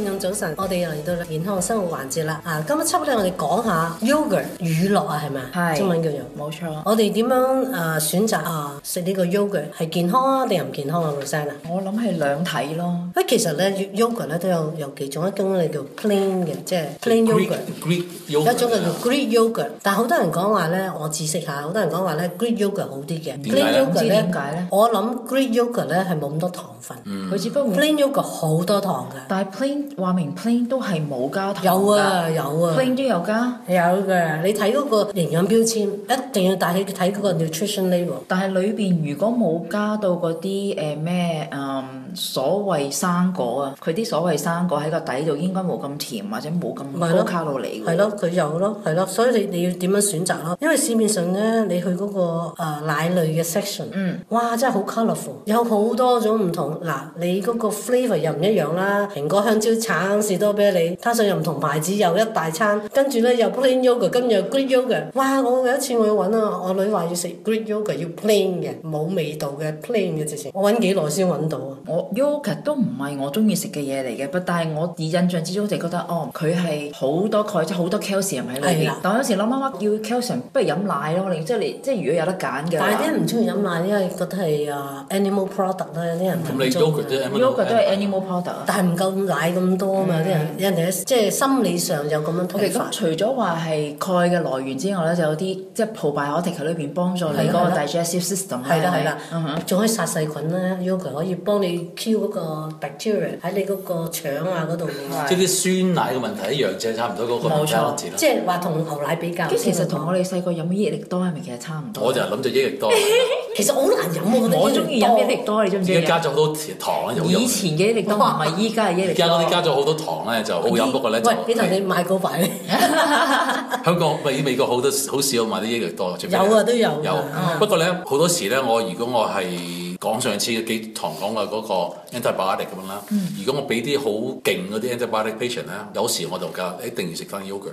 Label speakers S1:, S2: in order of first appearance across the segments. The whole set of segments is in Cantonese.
S1: 天早晨，我哋又嚟到健康生活環節啦嚇、啊。今日七點，我哋講下 yogurt 乳酪啊，係咪係。中文叫做冇錯。我哋點樣誒、呃、選擇啊？食、呃、呢個 yogurt 係健康啊定唔健康啊？老生啊，Rizana? 我諗係兩體咯。誒，其實咧，yogurt 咧都有有幾種，一種咧叫 plain 嘅，即係 plain
S2: yogurt、uh,。Greek yogurt。一種叫
S1: Greek yogurt，、uh, 但係好多人講話咧，我知識下，好多人講話咧，Greek yogurt 好啲嘅。plain yogurt 咧，
S3: 我諗 Greek yogurt 咧係冇咁多糖分，佢、嗯、只不過 plain yogurt 好多糖㗎。但係 plain 話明 plain 都係冇加糖，有加有啊，啊 plain 都有加，有嘅。你睇嗰個營養標籤，一定要帶你睇嗰個 nutrition label。但係裏邊如果冇加到嗰啲誒咩誒所謂生果啊，佢啲所謂生果喺個底度應該冇咁甜或者冇咁高卡路里。係咯，佢有咯，係咯，所以你你
S1: 要點樣選擇咯？因為市面上咧，你去嗰、嗰個、呃、奶類嘅 section，嗯，哇，真係好 colorful 有好多種唔同。嗱，你嗰個 flavor 又唔一樣啦，蘋果、香蕉。橙士多啤梨，加上又唔同牌子又一大餐，跟住咧又 plain yogurt，跟住又 green yogurt，哇！我有一次我去揾啊，我女話要食 green yogurt，要 plain 嘅，冇味道嘅
S3: plain 嘅，直情我揾幾耐先揾到啊！我 yogurt 都唔係我中意食嘅嘢嚟嘅。不，但係我以印象之中就覺得哦，佢係好多鈣質，好多 calcium 喺裏邊。係但有時諗諗話，叫 calcium 不如飲奶咯，即係你即係如果有得揀嘅。但係啲人唔中意飲奶，因為覺得係啊、uh, animal product 啦，有啲人唔中你、嗯都 m okay，yogurt 都 animal product、嗯、但唔夠奶咁多啊嘛啲、嗯、人，人哋即係心理上有咁樣睇法。咁除咗話係鈣嘅來源之外咧，就有啲即係 probiotic 喺裏面幫助你嗰個 digestive system。係啦係啦，仲、uh -huh. 可以殺細菌啦，要求可以幫你 kill 嗰個 bacteria 喺你嗰個腸啊
S4: 嗰度。即係啲酸奶嘅問題一樣、那個，即係差唔多嗰個即
S3: 係話同牛奶比較，跟其實同我哋細個飲嘅益力多係咪其實差唔
S4: 多？ 我就諗到益力多。
S3: 其實好難飲喎，我中意飲益力多，你知唔知？加咗
S4: 好多糖啊，有。以
S3: 前嘅益力多唔係依家嘅益力多。 加
S4: 咗好多糖咧，就好飲。不過咧，喂，你同你
S3: 買個牌？
S4: 香港比美國好多，好少買啲益力多。有啊，都有。有。嗯，不過咧，好多時咧，我如果我係。講上次幾堂講嘅嗰個 antibiotic 咁樣啦，嗯，如果我俾啲好勁嗰啲 antibiotic patient 咧，有時我就㗎，欸，一定要食翻 yogurt，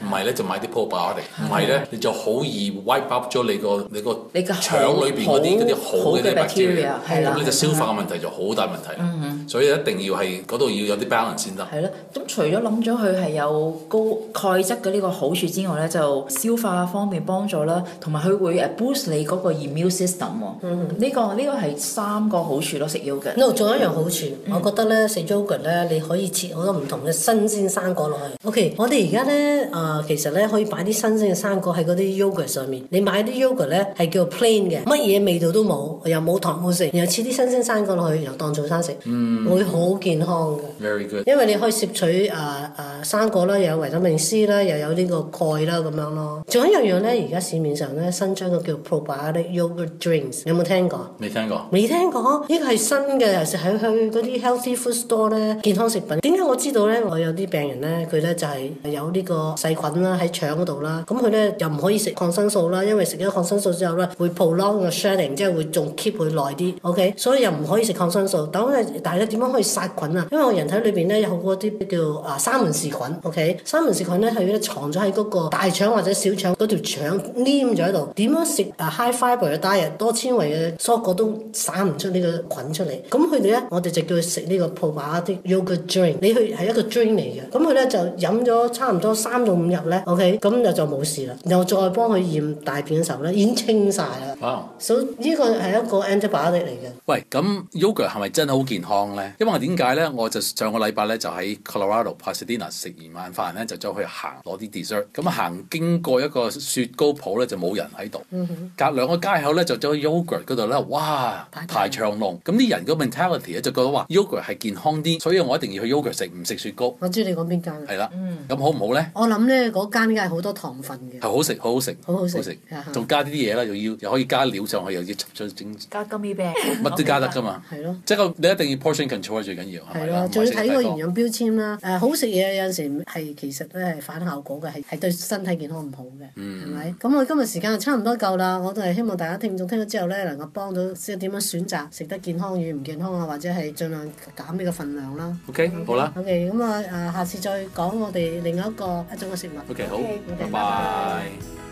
S4: 唔係咧就買啲 probiotic，唔係咧你就好易 wipe up 咗你個你個你個腸裏邊嗰啲嗰啲好嘅啲 bacteria，咁呢就消化嘅問題就好大問題，所以一定要係嗰度要有啲 balance 先得。
S3: 係咯，咁除咗諗咗佢係有高鈣質嘅呢個好處之外咧，就消化方面幫助啦，同埋佢會誒 boost 你嗰個 immune system。嗯，嗯，呢，這個呢，這個係。三個好處咯，食 yogurt。嗱，仲有一樣好處、嗯，我覺得咧，食 yogurt 咧，你可以切
S1: 好多唔同嘅新鮮生果落去。O、okay, K，我哋而家咧啊，其實咧可以擺啲新鮮嘅生果喺嗰啲 yogurt 上面。你買啲 yogurt 咧係叫做 plain 嘅，乜嘢味道都冇，又冇糖冇食，然後切啲新鮮生果落去，然後當早餐食、嗯，會好健康嘅。
S4: Very good。因為你
S1: 可以攝取啊啊生果啦，又有維他命 C 啦，又有呢個鈣啦咁樣咯。仲有一樣咧，而家市面上咧新出嘅叫 probiotic yogurt drinks，你有冇聽過？未聽過。未聽過？呢、這個係新嘅，尤其是喺佢嗰啲 healthy food store 呢。健康食品。點解我知道呢？我有啲病人呢，佢呢就係、是、有個細那呢個細菌啦喺腸嗰度啦。咁佢呢又唔可以食抗生素啦，因為食咗抗生素之後呢，會 prolong the shedding，即係會仲 keep 會耐啲。OK，所以又唔可以食抗生素。咁但係呢點樣可以殺菌啊？因為我人體裏面呢有好多啲叫啊沙門氏菌。OK，沙門氏菌呢係藏咗喺嗰個大腸或者小腸嗰條腸黏咗喺度。點樣食啊 high fibre diet，多纖維嘅蔬果都，散唔出呢個菌出嚟，咁佢哋咧，我哋就叫佢食呢個 probiotic yogurt drink。你去係一個 drink 嚟嘅，咁佢咧就飲咗差唔多三到五日咧，OK，咁就就冇事啦。然後再幫佢驗大便嘅時候咧，已經清晒啦。哇！所以呢個係一個 antibiotic 嚟
S4: 嘅。喂，咁 yogurt 係咪真係好健康咧？因為點解咧？我就上個禮拜咧就喺 Colorado Pasadena 食完晚飯咧，就走去行攞啲 dessert。咁行經過一個雪糕鋪咧，就冇人喺度。嗯哼，隔兩個街口咧，就走去 yogurt 嗰度咧，哇！排、啊、排長龍，咁啲人個 mentality 咧就覺得話 yogurt 係健康啲，所以我一定要去 yogurt 食，唔食雪糕。
S1: 我知你講邊間？係
S4: 啦，咁、嗯、好唔好咧？
S1: 我諗咧嗰間梗係好多糖分嘅。
S4: 係好食，好好食，好好食，好食，仲、嗯、加啲啲嘢啦，又要又可以加料上去，又要插進整，加金衣餅，乜 都加得噶嘛。係咯、okay.，即 係你一定要 portion control 最緊要。係咯，仲要
S3: 睇個營養標
S1: 籤啦、啊啊。好食嘢有陣時係其實都係反效果嘅，係對身體健康唔好
S4: 嘅，
S1: 係、嗯、咪？咁我今日時間差唔多夠啦，我都係希望大家聽眾聽咗之後咧能夠幫到點樣選擇食得健康與唔健康啊？或者係儘量減呢個份量啦。
S4: OK，好啦。OK，
S1: 咁啊，誒，下次再講我哋另外一個一種嘅食物。OK，好，拜
S4: 拜。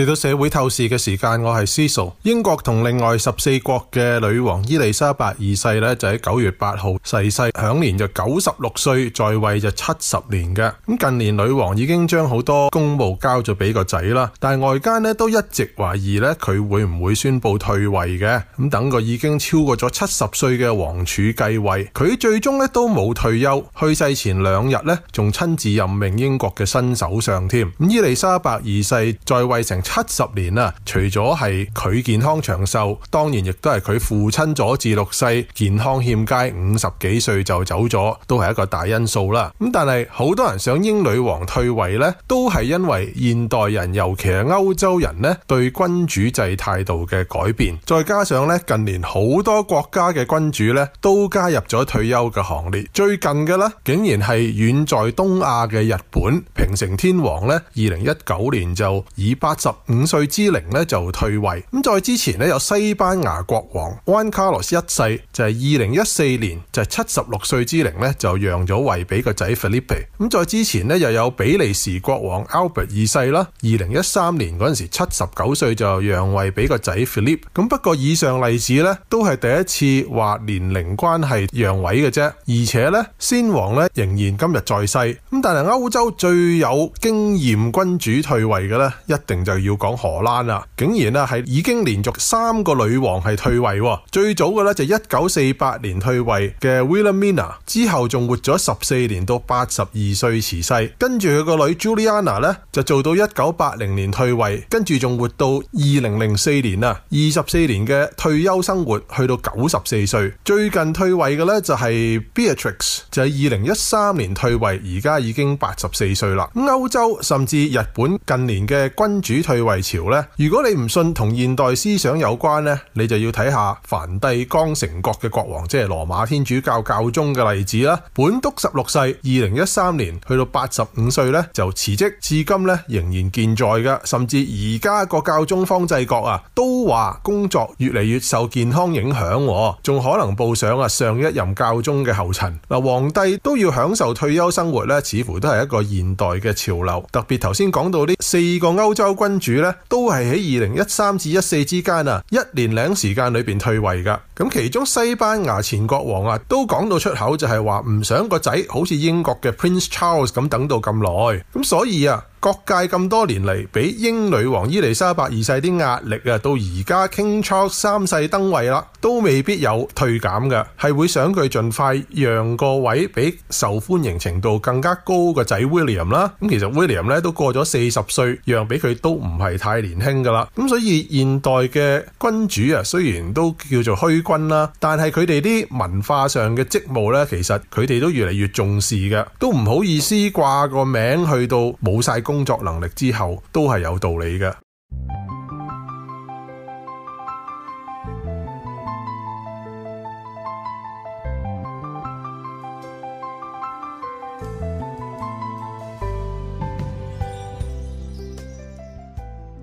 S5: 嚟到社會透視嘅時間，我係 Cecil。英國同另外十四國嘅女王伊麗莎白二世咧，就喺九月八號逝世，享年就九十六歲，在位就七十年嘅。咁近年女王已經將好多公務交咗俾個仔啦，但係外間呢都一直懷疑咧佢會唔會宣布退位嘅。咁等個已經超過咗七十歲嘅王儲繼位，佢最終咧都冇退休。去世前兩日咧，仲親自任命英國嘅新首相添。咁伊麗莎白二世在位成。七十年啊，除咗係佢健康長壽，當然亦都係佢父親佐治六世健康欠佳，五十幾歲就走咗，都係一個大因素啦。咁但係好多人想英女王退位咧，都係因為現代人，尤其係歐洲人咧，對君主制態度嘅改變，再加上咧近年好多國家嘅君主咧都加入咗退休嘅行列。最近嘅咧，竟然係遠在東亞嘅日本平成天皇咧，二零一九年就以八十。五歲之齡咧就退位，咁再之前咧有西班牙國王安卡羅斯一世就係二零一四年就係七十六歲之齡咧就讓咗位俾個仔 Philippi。咁再之前咧又有比利時國王 Albert 二世啦，二零一三年嗰陣時七十九歲就讓位俾個仔 Philip。咁不過以上例子咧都係第一次話年齡關係讓位嘅啫，而且咧先王咧仍然今日在世，咁但係歐洲最有經驗君主退位嘅咧一定就要。要講荷蘭啦，竟然咧係已經連續三個女王係退位，最早嘅咧就一九四八年退位嘅 Wilhelmina，之後仲活咗十四年到八十二歲辭世，跟住佢個女 Juliana 呢，就做到一九八零年退位，跟住仲活到二零零四年啊，二十四年嘅退休生活去到九十四歲，最近退位嘅呢，就係 Beatrix 就係二零一三年退位，而家已經八十四歲啦。歐洲甚至日本近年嘅君主退位。退位潮咧，如果你唔信同現代思想有關咧，你就要睇下梵蒂岡城國嘅國王，即係羅馬天主教教宗嘅例子啦。本篤十六世，二零一三年去到八十五歲咧就辭職，至今咧仍然健在嘅，甚至而家個教宗方濟各啊都話工作越嚟越受健康影響，仲可能步上啊上一任教宗嘅後塵嗱。皇帝都要享受退休生活咧，似乎都係一個現代嘅潮流，特別頭先講到呢四個歐洲君。主咧都係喺二零一三至一四之間啊，一年零時間裏邊退位噶。咁其中西班牙前國王啊，都講到出口就係話唔想個仔好似英國嘅 Prince Charles 咁等到咁耐。咁所以啊，各界咁多年嚟俾英女王伊麗莎白二世啲壓力啊，到而家 King Charles 三世登位啦，都未必有退減嘅，係會想佢盡快讓個位俾受歡迎程度更加高個仔 William 啦。咁其實 William 咧都過咗四十歲讓俾佢都唔係太年輕噶啦。咁所以現代嘅君主啊，雖然都叫做虛。但係佢哋啲文化上嘅職務咧，其實佢哋都越嚟越重視嘅，都唔好意思掛個名去到冇晒工作能力之後，都係有道理嘅。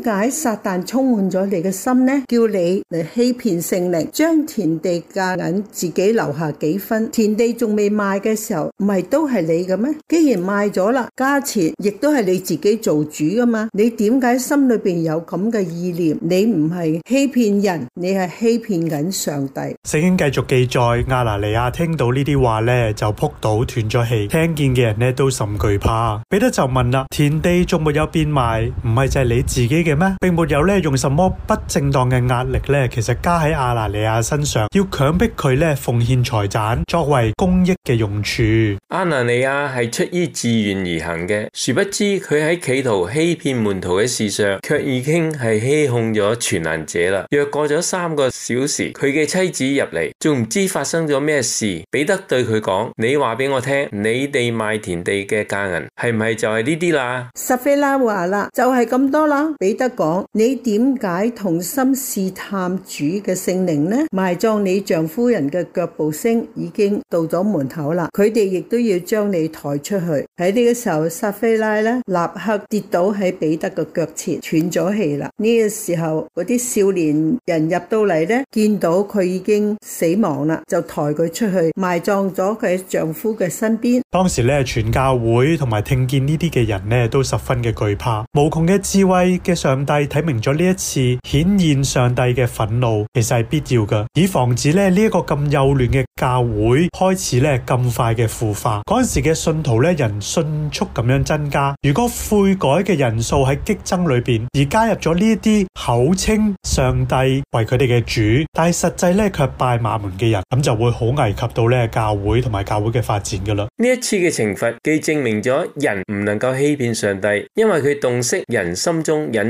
S6: 點解撒但充滿咗你嘅心呢？叫你嚟欺騙聖靈，將田地價銀自己留下幾分？田地仲未賣嘅時候，唔係都係你嘅咩？既然賣咗啦，價錢亦都係你自己做主噶嘛？你點解心裏邊有咁嘅意念？你唔係欺騙人，你係欺騙緊上帝。
S7: 聖經繼續記載，亞拿尼亞聽到呢啲話呢，就撲倒斷咗氣。聽見嘅人呢都甚懼怕。彼得就問啦：田地仲沒有變賣？唔係就係你自己嘅？嘅咩？並沒有咧，用什麼不正當嘅壓力咧，其實加喺亞拿尼亞身上，要強迫佢咧奉獻財產作為公益嘅用處。
S2: 亞拿尼亞係出於自願而行嘅，殊不知佢喺企圖欺騙門徒嘅事上，卻已經係欺哄咗全能者啦。約過咗三個小時，佢嘅妻子入嚟，仲唔知發生咗咩事？彼得對佢講：你話俾我聽，你哋賣田地嘅價銀係唔係就係呢啲啦？
S6: 撒非拉話啦，就係咁多啦。得講，你點解同心試探主嘅聖靈呢？埋葬你丈夫人嘅腳步聲已經到咗門口啦，佢哋亦都要將你抬出去。喺呢個時候，撒菲拉咧立刻跌倒喺彼得嘅腳前，斷咗氣啦。呢個時候，嗰啲少年人入到嚟咧，見到佢已經死亡啦，就抬佢出去埋葬咗佢丈夫嘅身邊。
S7: 當時咧，全教會同埋聽見呢啲嘅人咧，都十分嘅懼怕，無窮嘅智慧嘅。上帝睇明咗呢一次顯現上帝嘅憤怒，其實係必要嘅，以防止咧呢一個咁幼嫩嘅教會開始咧咁快嘅腐化。嗰陣時嘅信徒咧，人迅速咁樣增加，如果悔改嘅人數喺激增裏邊而加入咗呢一啲口稱上帝為佢哋嘅主，但係實際咧卻拜馬門嘅人，咁就會好危及到咧教會同埋教會嘅發展噶啦。呢一次嘅懲罰既證
S2: 明咗人唔能夠欺騙上帝，因為佢洞悉人心中隱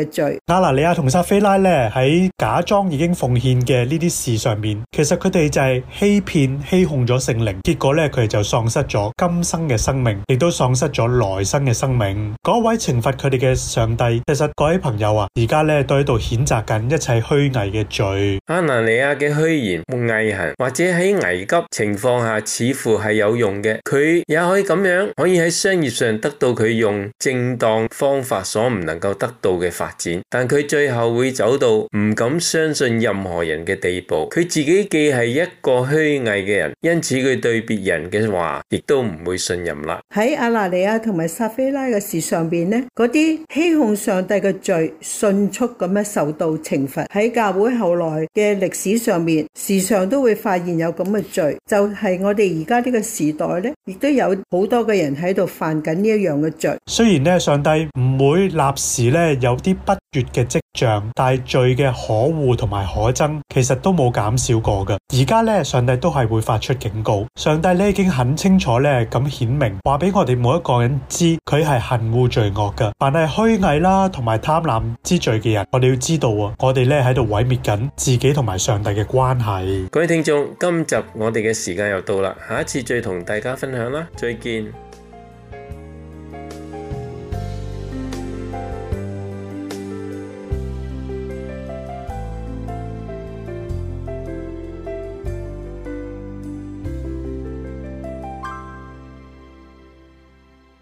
S6: 嘅
S7: 罪，亞拿尼亞同撒菲拉咧，喺假裝已經奉獻嘅呢啲事上面，其實佢哋就係欺騙欺哄咗聖靈，結果咧，佢哋就喪失咗今生嘅生命，亦都喪失咗來生嘅生命。嗰位懲罰佢哋嘅上帝，其實各位朋友啊，而家咧都喺度譴責緊一切虛偽嘅罪，
S2: 亞拿尼亞嘅虛言偽行，或者喺危急情況下似乎係有用嘅，佢也可以咁樣可以喺商業上得到佢用正當方法所唔能夠得到嘅法。但佢最後會走到唔敢相信任何人嘅地步，佢自己既係一個虛偽嘅人，因此佢對別人嘅話亦都唔會信任啦。
S6: 喺阿拿尼亞同埋撒非拉嘅事上邊呢，嗰啲欺哄上帝嘅罪迅速咁樣受到懲罰。喺教會後來嘅歷史上面，時常都會發現有咁嘅罪，就係我哋而家呢個時代呢，亦都有好多嘅人喺度犯緊呢一樣嘅罪。
S7: 雖然呢，上帝唔會立時呢有啲。不悅嘅跡象，但係罪嘅可惡同埋可憎，其實都冇減少過嘅。而家咧，上帝都係會發出警告。上帝呢已經很清楚咧咁顯明話俾我哋每一個人知，佢係恨惡罪惡嘅，凡係虛偽啦同埋貪婪之罪嘅人，我哋要知道啊，我哋咧喺度毀滅緊自己同埋上帝嘅關係。各位聽眾，今
S2: 集我哋嘅時間又到啦，下一次再同大家分享啦，再見。